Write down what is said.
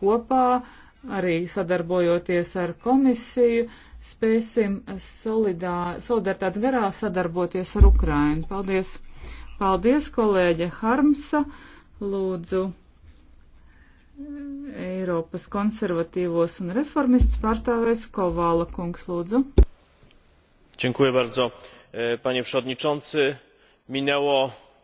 kopā, arī sadarbojoties ar komisiju, spēsim solidā, solidaritātes garā sadarboties ar Ukrainu. Paldies! Paldies, kolēģe Harmsa! Lūdzu, Eiropas konservatīvos un reformistus pārstāvēs Kovala kungs, lūdzu. Dziękuję bardzo, e, panie przewodniczący. Minęło